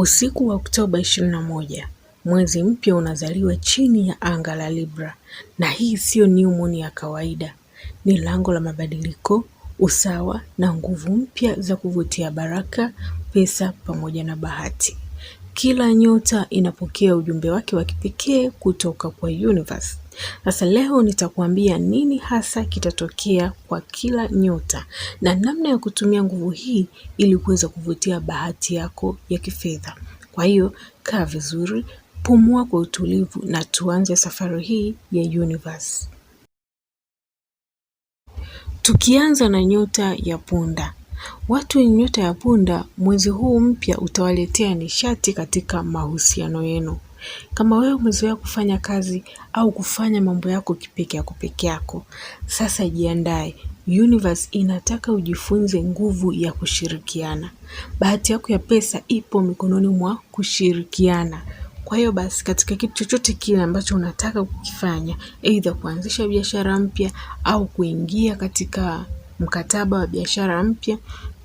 Usiku wa Oktoba 21, mwezi mpya unazaliwa chini ya anga la Libra, na hii siyo new moon ya kawaida. Ni lango la mabadiliko, usawa na nguvu mpya za kuvutia baraka, pesa pamoja na bahati. Kila nyota inapokea ujumbe wake wa kipekee kutoka kwa universe. Sasa leo nitakuambia nini hasa kitatokea kwa kila nyota na namna ya kutumia nguvu hii ili kuweza kuvutia bahati yako ya kifedha. Kwa hiyo kaa vizuri, pumua kwa utulivu na tuanze safari hii ya universe. Tukianza na nyota ya punda. Watu wenye nyota ya punda, mwezi huu mpya utawaletea nishati katika mahusiano yenu. Kama wewe umezoea kufanya kazi au kufanya mambo yako kipeke yako peke yako, sasa jiandae. Universe inataka ujifunze nguvu ya kushirikiana. Bahati yako ya pesa ipo mikononi mwa kushirikiana. Kwa hiyo basi, katika kitu chochote kile ambacho unataka kukifanya, aidha kuanzisha biashara mpya au kuingia katika mkataba wa biashara mpya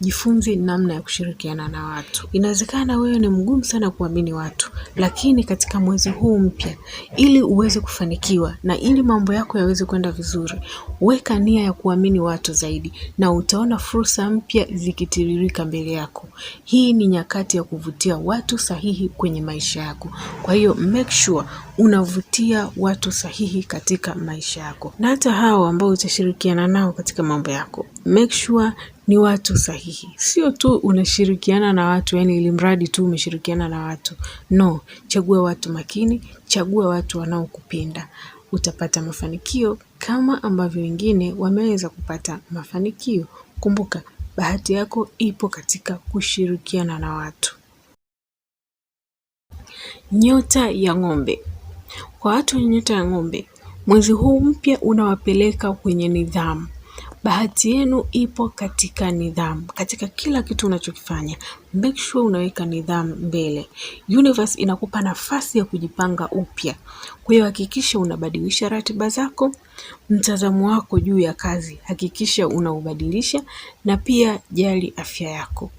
jifunze namna ya kushirikiana na watu. Inawezekana wewe ni mgumu sana kuamini watu, lakini katika mwezi huu mpya, ili uweze kufanikiwa na ili mambo yako yaweze kwenda vizuri, weka nia ya kuamini watu zaidi, na utaona fursa mpya zikitiririka mbele yako. Hii ni nyakati ya kuvutia watu sahihi kwenye maisha yako. Kwa hiyo make sure unavutia watu sahihi katika maisha yako, na hata hao ambao utashirikiana nao katika mambo yako make sure ni watu sahihi. Sio tu unashirikiana na watu, yani ili mradi tu umeshirikiana na watu. No, chagua watu makini, chagua watu wanaokupenda. Utapata mafanikio kama ambavyo wengine wameweza kupata mafanikio. Kumbuka, bahati yako ipo katika kushirikiana na watu. Nyota ya ng'ombe. Kwa watu wenye nyota ya ng'ombe, mwezi huu mpya unawapeleka kwenye nidhamu. Bahati yenu ipo katika nidhamu. Katika kila kitu unachokifanya, make sure unaweka nidhamu mbele. Universe inakupa nafasi ya kujipanga upya. Kwa hiyo hakikisha unabadilisha ratiba zako, mtazamo wako juu ya kazi hakikisha unaubadilisha, na pia jali afya yako.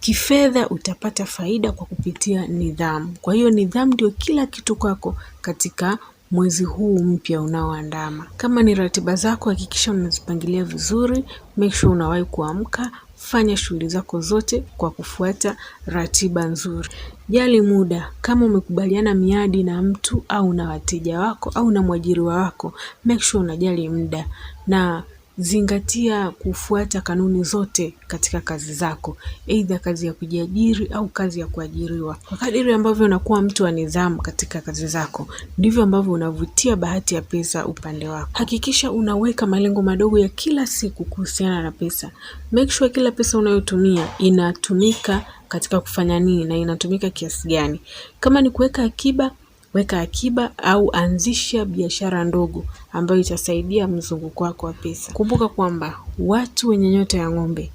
Kifedha utapata faida kwa kupitia nidhamu. Kwa hiyo nidhamu ndio kila kitu kwako katika mwezi huu mpya unaoandama. Kama ni ratiba zako, hakikisha unazipangilia vizuri, make sure unawahi kuamka, fanya shughuli zako zote kwa kufuata ratiba nzuri. Jali muda. Kama umekubaliana miadi na mtu au na wateja wako au na mwajiriwa wako, make sure unajali muda na zingatia kufuata kanuni zote katika kazi zako, aidha kazi ya kujiajiri au kazi ya kuajiriwa. Kwa kadiri ambavyo unakuwa mtu wa nidhamu katika kazi zako, ndivyo ambavyo unavutia bahati ya pesa upande wako. Hakikisha unaweka malengo madogo ya kila siku kuhusiana na pesa. Make sure kila pesa unayotumia inatumika katika kufanya nini na inatumika kiasi gani. Kama ni kuweka akiba, weka akiba au anzisha biashara ndogo ambayo itasaidia mzunguko wako wa pesa. Kumbuka kwamba watu wenye nyota ya ng'ombe,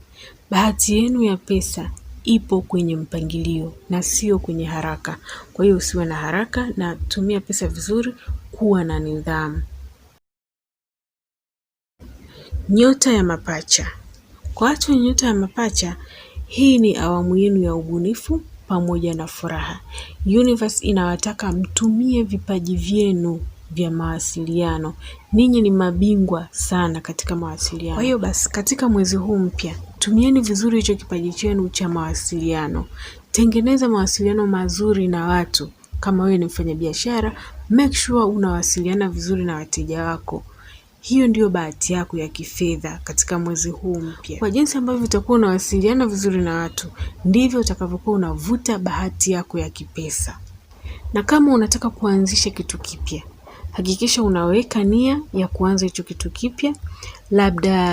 bahati yenu ya pesa ipo kwenye mpangilio na sio kwenye haraka. Kwa hiyo usiwe na haraka na tumia pesa vizuri, kuwa na nidhamu. Nyota ya mapacha. Kwa watu wenye nyota ya mapacha, hii ni awamu yenu ya ubunifu pamoja na furaha. Universe inawataka mtumie vipaji vyenu vya mawasiliano. Ninyi ni mabingwa sana katika mawasiliano. Kwa hiyo basi, katika mwezi huu mpya, tumieni vizuri hicho kipaji chenu cha mawasiliano. Tengeneza mawasiliano mazuri na watu. Kama wewe ni mfanyabiashara, make sure unawasiliana vizuri na wateja wako. Hiyo ndiyo bahati yako ya kifedha katika mwezi huu mpya. Kwa jinsi ambavyo utakuwa unawasiliana vizuri na watu, ndivyo utakavyokuwa unavuta bahati yako ya kipesa. Na kama unataka kuanzisha kitu kipya, hakikisha unaweka nia ya kuanza hicho kitu kipya, labda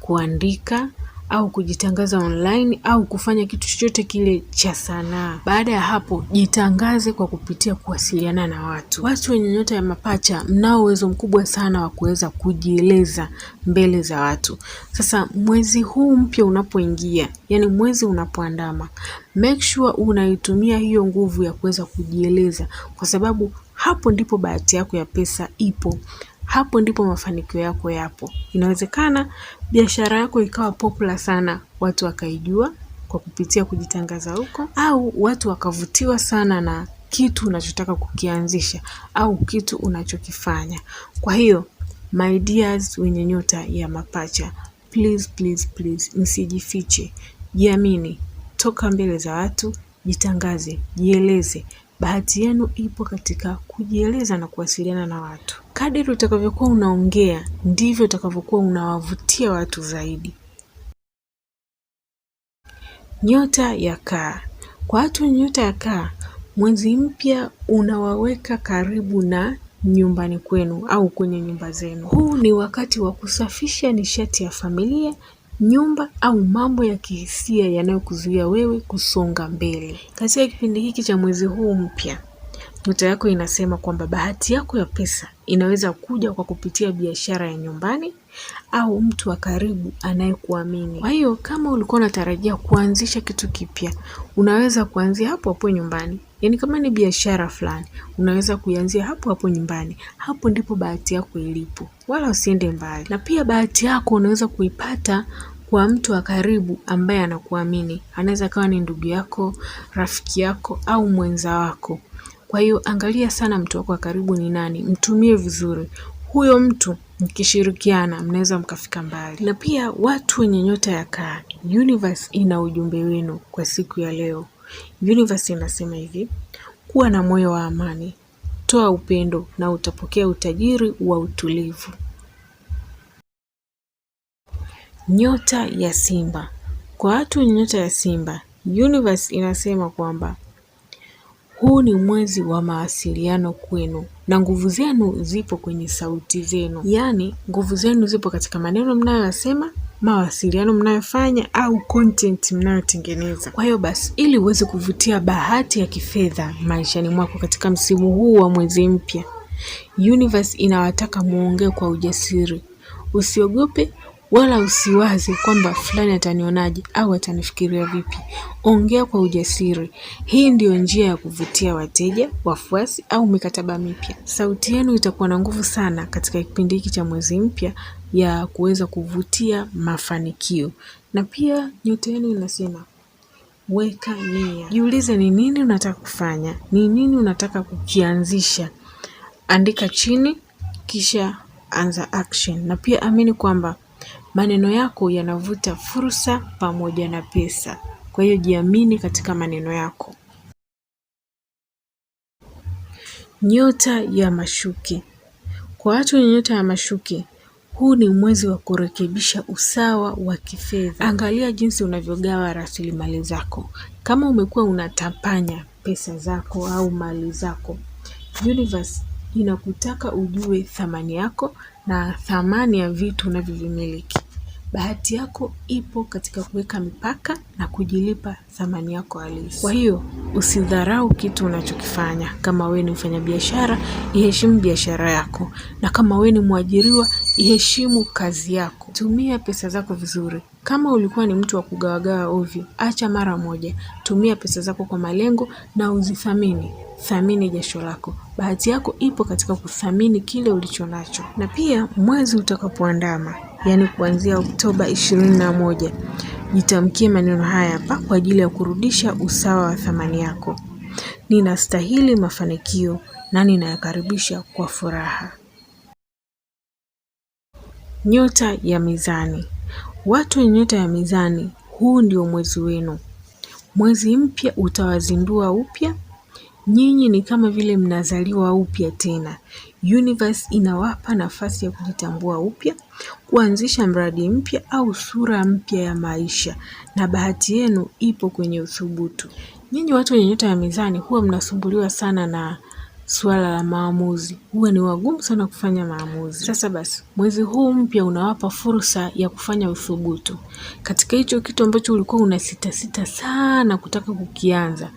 kuandika au kujitangaza online au kufanya kitu chochote kile cha sanaa. Baada ya hapo, jitangaze kwa kupitia kuwasiliana na watu. Watu wenye nyota ya mapacha, mnao uwezo mkubwa sana wa kuweza kujieleza mbele za watu. Sasa mwezi huu mpya unapoingia, yani mwezi unapoandama, make sure unaitumia hiyo nguvu ya kuweza kujieleza, kwa sababu hapo ndipo bahati yako ya pesa ipo hapo ndipo mafanikio yako yapo. Inawezekana biashara yako ikawa popular sana, watu wakaijua kwa kupitia kujitangaza huko, au watu wakavutiwa sana na kitu unachotaka kukianzisha au kitu unachokifanya. Kwa hiyo my dears, wenye nyota ya mapacha, please please please, msijifiche, jiamini, toka mbele za watu, jitangaze, jieleze bahati yenu ipo katika kujieleza na kuwasiliana na watu. Kadiri utakavyokuwa unaongea ndivyo utakavyokuwa unawavutia watu zaidi. Nyota ya kaa. Kwa watu wenye nyota ya kaa, mwezi mpya unawaweka karibu na nyumbani kwenu au kwenye nyumba zenu. Huu ni wakati wa kusafisha nishati ya familia nyumba au mambo ya kihisia yanayokuzuia wewe kusonga mbele. Katika kipindi hiki cha mwezi huu mpya, nyota yako inasema kwamba bahati yako ya pesa inaweza kuja kwa kupitia biashara ya nyumbani au mtu wa karibu anayekuamini. Kwa hiyo kama ulikuwa unatarajia kuanzisha kitu kipya, unaweza kuanzia hapo hapo nyumbani. Yaani kama ni biashara fulani, unaweza kuianzia hapo hapo nyumbani. Hapo ndipo bahati yako ilipo. Wala usiende mbali. Na pia bahati yako unaweza kuipata kwa mtu wa karibu ambaye anakuamini. Anaweza akawa ni ndugu yako, rafiki yako au mwenza wako. Kwa hiyo angalia sana mtu wako wa karibu ni nani, mtumie vizuri. Huyo mtu mkishirikiana mnaweza mkafika mbali. Na pia watu wenye nyota ya kaa, universe ina ujumbe wenu kwa siku ya leo. Universe inasema hivi: kuwa na moyo wa amani, toa upendo na utapokea utajiri wa utulivu. Nyota ya Simba kwa watu wenye nyota ya Simba, universe inasema kwamba huu ni mwezi wa mawasiliano kwenu na nguvu zenu zipo kwenye sauti zenu, yaani nguvu zenu zipo katika maneno mnayoyasema mawasiliano mnayofanya au content mnayotengeneza. Kwa hiyo basi, ili uweze kuvutia bahati ya kifedha maishani mwako katika msimu huu wa mwezi mpya, universe inawataka muongee kwa ujasiri. Usiogope wala usiwaze kwamba fulani atanionaje au atanifikiria vipi. Ongea kwa ujasiri. Hii ndiyo njia ya kuvutia wateja, wafuasi au mikataba mipya. Sauti yenu itakuwa na nguvu sana katika kipindi hiki cha mwezi mpya ya kuweza kuvutia mafanikio. Na pia nyota yenu inasema weka nia. Jiulize ni nini unataka kufanya, ni nini unataka kukianzisha. Andika chini kisha anza action. Na pia amini kwamba maneno yako yanavuta fursa pamoja na pesa. Kwa hiyo jiamini katika maneno yako. Nyota ya mashuke. Kwa watu wenye nyota ya mashuke, huu ni mwezi wa kurekebisha usawa wa kifedha. Angalia jinsi unavyogawa rasilimali zako. Kama umekuwa unatapanya pesa zako au mali zako, universe inakutaka ujue thamani yako na thamani ya vitu unavyovimiliki. Bahati yako ipo katika kuweka mipaka na kujilipa thamani yako halisi. Kwa hiyo usidharau kitu unachokifanya. Kama wewe ni mfanyabiashara, iheshimu biashara yako, na kama wewe ni mwajiriwa, iheshimu kazi yako. Tumia pesa zako vizuri. Kama ulikuwa ni mtu wa kugawagawa ovyo, acha mara moja. Tumia pesa zako kwa malengo na uzithamini. Thamini jasho lako. Bahati yako ipo katika kuthamini kile ulicho nacho. Na pia mwezi utakapoandama yaani kuanzia Oktoba 21. Jitamkie maneno haya hapa kwa ajili ya kurudisha usawa wa thamani yako. Ninastahili mafanikio na ninayakaribisha kwa furaha. Nyota ya Mizani. Watu wenye nyota ya Mizani, huu ndio mwezi wenu. Mwezi mpya utawazindua upya Nyinyi ni kama vile mnazaliwa upya tena. Universe inawapa nafasi ya kujitambua upya, kuanzisha mradi mpya au sura mpya ya maisha, na bahati yenu ipo kwenye uthubutu. Nyinyi watu wenye nyota ya mizani huwa mnasumbuliwa sana na suala la maamuzi, huwa ni wagumu sana kufanya maamuzi. Sasa basi, mwezi huu mpya unawapa fursa ya kufanya uthubutu katika hicho kitu ambacho ulikuwa unasitasita sana kutaka kukianza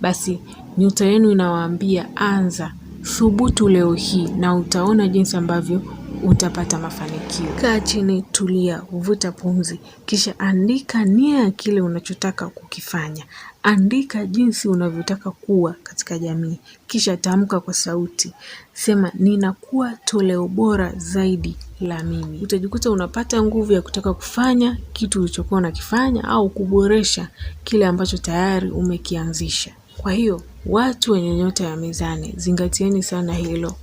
basi nyota yenu inawaambia anza, thubutu leo hii na utaona jinsi ambavyo utapata mafanikio. Kaa chini, tulia, vuta pumzi, kisha andika nia ya kile unachotaka kukifanya. Andika jinsi unavyotaka kuwa katika jamii, kisha tamka kwa sauti, sema ninakuwa toleo bora zaidi la mimi. Utajikuta unapata nguvu ya kutaka kufanya kitu ulichokuwa unakifanya au kuboresha kile ambacho tayari umekianzisha. Kwa hiyo watu wenye nyota ya mezani, zingatieni sana hilo.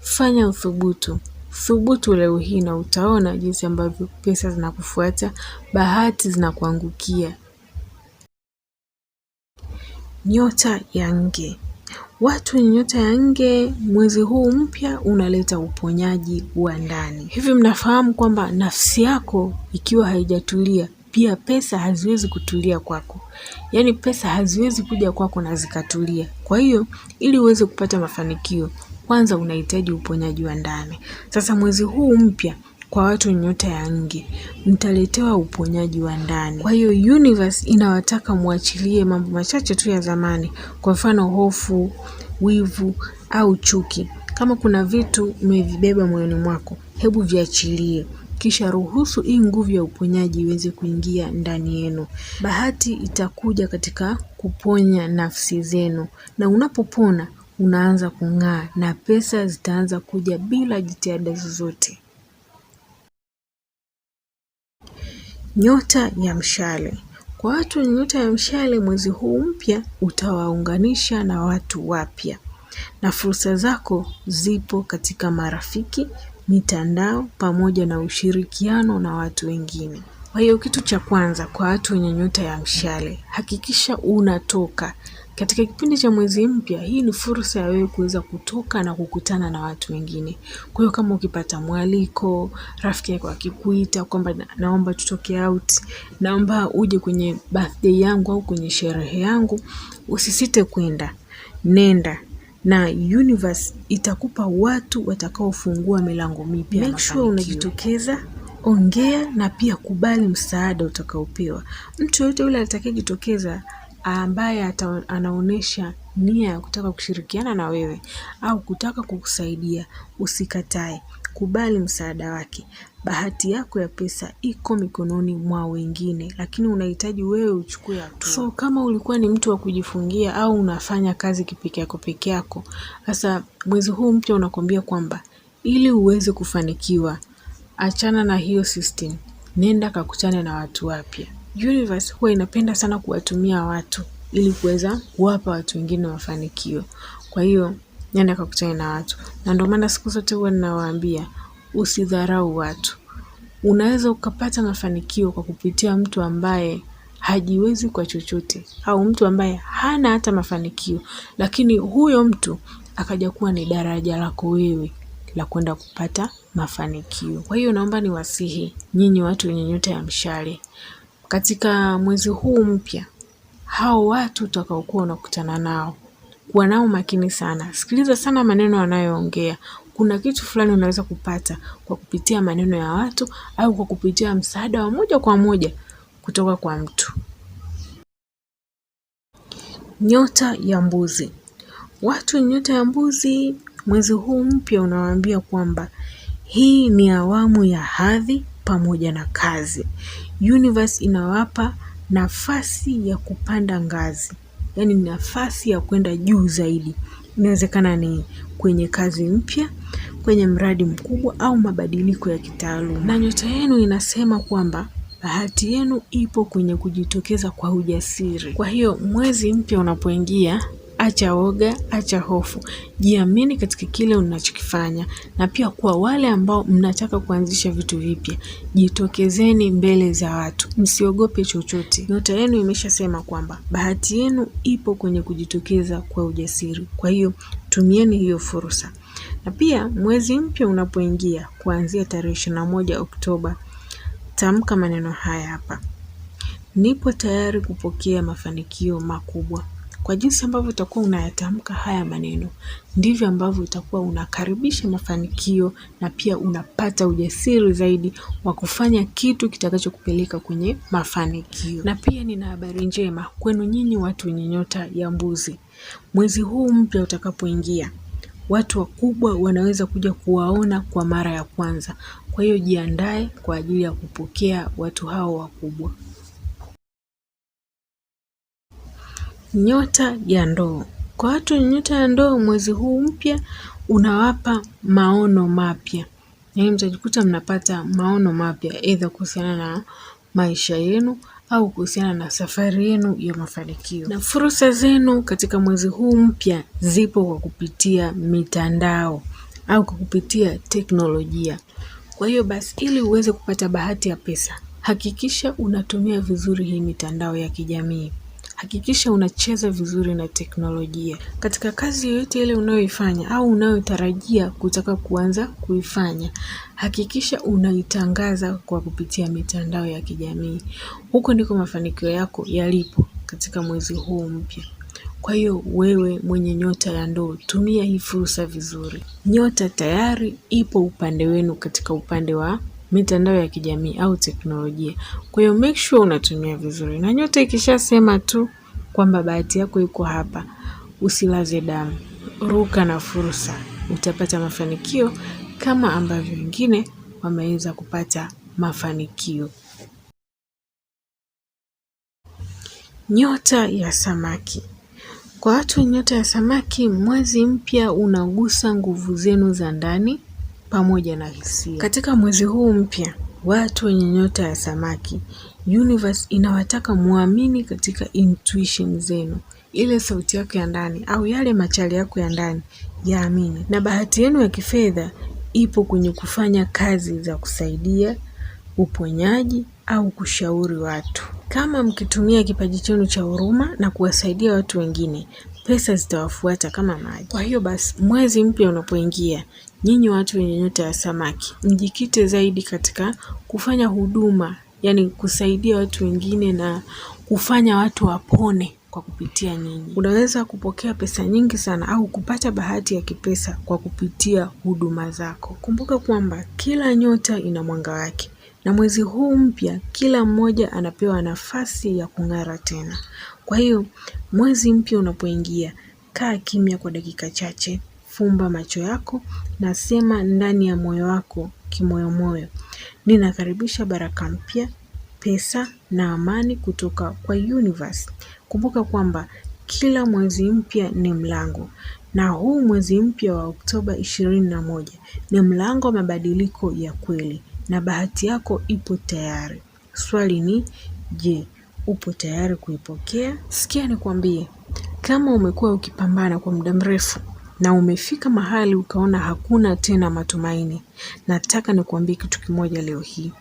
Fanya uthubutu, thubutu leo hii na utaona jinsi ambavyo pesa zinakufuata, bahati zinakuangukia. Nyota ya Nge. Watu wenye nyota ya Nge, mwezi huu mpya unaleta uponyaji wa ndani. Hivi mnafahamu kwamba nafsi yako ikiwa haijatulia pia pesa haziwezi kutulia kwako, yaani pesa haziwezi kuja kwako na zikatulia. Kwa hiyo ili uweze kupata mafanikio, kwanza unahitaji uponyaji wa ndani. Sasa mwezi huu mpya kwa watu nyota ya nge mtaletewa uponyaji wa ndani. Kwa hiyo universe inawataka muachilie mambo machache tu ya zamani, kwa mfano hofu, wivu au chuki. Kama kuna vitu umevibeba moyoni mwako, hebu viachilie kisha ruhusu hii nguvu ya uponyaji iweze kuingia ndani yenu. Bahati itakuja katika kuponya nafsi zenu, na unapopona unaanza kung'aa na pesa zitaanza kuja bila jitihada zozote. Nyota ya mshale kwa watu, wenye nyota ya mshale, mwezi huu mpya utawaunganisha na watu wapya, na fursa zako zipo katika marafiki, mitandao pamoja na ushirikiano na watu wengine. Kwa hiyo kitu cha kwanza kwa watu wenye nyota ya mshale, hakikisha unatoka katika kipindi cha mwezi mpya. Hii ni fursa ya wewe kuweza kutoka na kukutana na watu wengine. Kwa hiyo kama ukipata mwaliko, rafiki yako akikuita kwamba naomba tutoke out, naomba uje kwenye birthday yangu au kwenye sherehe yangu, usisite kwenda, nenda na universe itakupa watu watakaofungua milango mipya. Make sure unajitokeza, ongea na pia kubali msaada utakaopewa. Mtu yoyote yule atakayejitokeza ambaye anaonyesha nia ya kutaka kushirikiana na wewe au kutaka kukusaidia usikatae kubali msaada wake. Bahati yako ya pesa iko mikononi mwa wengine, lakini unahitaji wewe uchukue hatua. So kama ulikuwa ni mtu wa kujifungia au unafanya kazi kipeke yako peke yako, sasa mwezi huu mpya unakwambia kwamba ili uweze kufanikiwa, achana na hiyo system, nenda kakutane na watu wapya. Universe huwa inapenda sana kuwatumia watu ili kuweza kuwapa watu wengine mafanikio. Kwa hiyo nenda kakutane na watu, na ndio maana siku zote huwa ninawaambia usidharau watu. Unaweza ukapata mafanikio kwa kupitia mtu ambaye hajiwezi kwa chochote au mtu ambaye hana hata mafanikio, lakini huyo mtu akaja kuwa ni daraja lako wewe la kwenda kupata mafanikio. Kwa hiyo naomba niwasihi nyinyi watu wenye nyota ya mshale, katika mwezi huu mpya, hao watu utakaokuwa unakutana nao kuwa nao makini sana, sikiliza sana maneno wanayoongea. Kuna kitu fulani unaweza kupata kwa kupitia maneno ya watu au kwa kupitia msaada wa moja kwa moja kutoka kwa mtu. Nyota ya mbuzi. Watu nyota ya mbuzi, mwezi huu mpya unawaambia kwamba hii ni awamu ya hadhi pamoja na kazi. Universe inawapa nafasi ya kupanda ngazi yani nafasi ya kwenda juu zaidi. Inawezekana ni kwenye kazi mpya, kwenye mradi mkubwa au mabadiliko ya kitaaluma. Na nyota yenu inasema kwamba bahati yenu ipo kwenye kujitokeza kwa ujasiri. Kwa hiyo mwezi mpya unapoingia acha woga, acha hofu, jiamini katika kile unachokifanya. Na pia kwa wale ambao mnataka kuanzisha vitu vipya, jitokezeni mbele za watu, msiogope chochote. Nyota yenu imeshasema kwamba bahati yenu ipo kwenye kujitokeza kwa ujasiri, kwa hiyo tumieni hiyo fursa. Na pia mwezi mpya unapoingia kuanzia tarehe ishirini na moja Oktoba, tamka maneno haya hapa: nipo tayari kupokea mafanikio makubwa. Kwa jinsi ambavyo utakuwa unayatamka haya maneno, ndivyo ambavyo utakuwa unakaribisha mafanikio na pia unapata ujasiri zaidi wa kufanya kitu kitakachokupeleka kwenye mafanikio. Na pia nina habari njema kwenu nyinyi watu wenye nyota ya mbuzi. Mwezi huu mpya utakapoingia, watu wakubwa wanaweza kuja kuwaona kwa mara ya kwanza. Kwa hiyo jiandae kwa ajili ya kupokea watu hao wakubwa. Nyota ya ndoo. Kwa watu wenye nyota ya ndoo mwezi huu mpya unawapa maono mapya. Yaani mtajikuta mnapata maono mapya either kuhusiana na maisha yenu au kuhusiana na safari yenu ya mafanikio. Na fursa zenu katika mwezi huu mpya zipo kwa kupitia mitandao au kwa kupitia teknolojia. Kwa hiyo basi ili uweze kupata bahati ya pesa, hakikisha unatumia vizuri hii mitandao ya kijamii hakikisha unacheza vizuri na teknolojia. Katika kazi yoyote ile unayoifanya au unayotarajia kutaka kuanza kuifanya, hakikisha unaitangaza kwa kupitia mitandao ya kijamii. Huko ndiko mafanikio yako yalipo katika mwezi huu mpya. Kwa hiyo wewe mwenye nyota ya ndoo tumia hii fursa vizuri. Nyota tayari ipo upande wenu katika upande wa mitandao ya kijamii au teknolojia. Kwa hiyo make sure unatumia vizuri, na nyota ikishasema tu kwamba bahati yako iko hapa, usilaze damu, ruka na fursa. Utapata mafanikio kama ambavyo wengine wameweza kupata mafanikio. Nyota ya samaki. Kwa watu nyota ya samaki, mwezi mpya unagusa nguvu zenu za ndani, pamoja na hisia. Katika mwezi huu mpya, watu wenye nyota ya samaki, universe inawataka muamini katika intuition zenu, ile sauti yako ya ndani au yale machali yako ya ndani, yaamini. Na bahati yenu ya kifedha ipo kwenye kufanya kazi za kusaidia, uponyaji au kushauri watu. Kama mkitumia kipaji chenu cha huruma na kuwasaidia watu wengine, pesa zitawafuata kama maji. Kwa hiyo basi, mwezi mpya unapoingia, nyinyi watu wenye nyota ya samaki, mjikite zaidi katika kufanya huduma, yani kusaidia watu wengine na kufanya watu wapone kwa kupitia nyinyi. Unaweza kupokea pesa nyingi sana au kupata bahati ya kipesa kwa kupitia huduma zako. Kumbuka kwamba kila nyota ina mwanga wake, na mwezi huu mpya kila mmoja anapewa nafasi ya kung'ara tena. Kwa hiyo mwezi mpya unapoingia, kaa kimya kwa dakika chache, fumba macho yako na sema ndani ya moyo wako kimoyomoyo, ninakaribisha baraka mpya, pesa na amani kutoka kwa universe. Kumbuka kwamba kila mwezi mpya ni mlango na huu mwezi mpya wa Oktoba ishirini na moja ni mlango wa mabadiliko ya kweli na bahati yako ipo tayari. Swali ni je, upo tayari kuipokea? Sikia nikwambie, kama umekuwa ukipambana kwa muda mrefu na umefika mahali ukaona hakuna tena matumaini, nataka nikuambie kitu kimoja leo hii,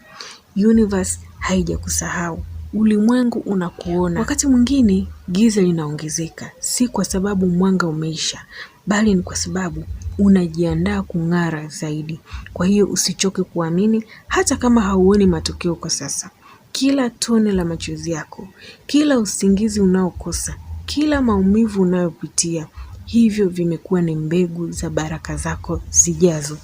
universe haijakusahau. Ulimwengu unakuona. Wakati mwingine giza linaongezeka, si kwa sababu mwanga umeisha, bali ni kwa sababu unajiandaa kung'ara zaidi. Kwa hiyo usichoke kuamini, hata kama hauoni matokeo kwa sasa kila tone la machozi yako, kila usingizi unaokosa, kila maumivu unayopitia. Hivyo vimekuwa ni mbegu za baraka zako zijazo.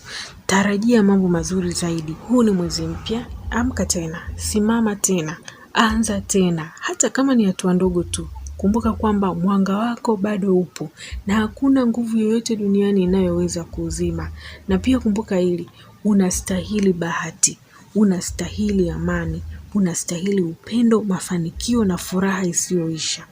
Tarajia mambo mazuri zaidi. Huu ni mwezi mpya. Amka tena, simama tena, anza tena, hata kama ni hatua ndogo tu. Kumbuka kwamba mwanga wako bado upo na hakuna nguvu yoyote duniani inayoweza kuuzima. Na pia kumbuka hili, unastahili bahati, unastahili amani, unastahili upendo, mafanikio na furaha isiyoisha.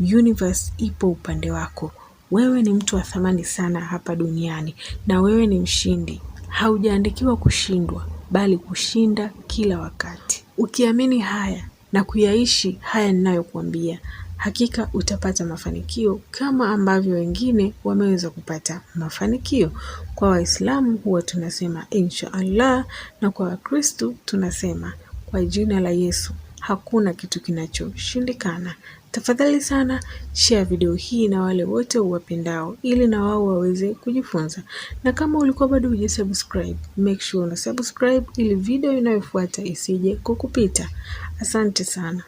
Universe ipo upande wako. Wewe ni mtu wa thamani sana hapa duniani na wewe ni mshindi. Haujaandikiwa kushindwa, bali kushinda kila wakati. Ukiamini haya na kuyaishi haya ninayokuambia, hakika utapata mafanikio kama ambavyo wengine wameweza kupata mafanikio. Kwa Waislamu huwa tunasema insha Allah na kwa Wakristu tunasema kwa jina la Yesu hakuna kitu kinachoshindikana. Tafadhali sana share video hii na wale wote uwapendao, ili na wao waweze kujifunza. Na kama ulikuwa bado hujasubscribe, make sure una subscribe ili video inayofuata isije kukupita. Asante sana.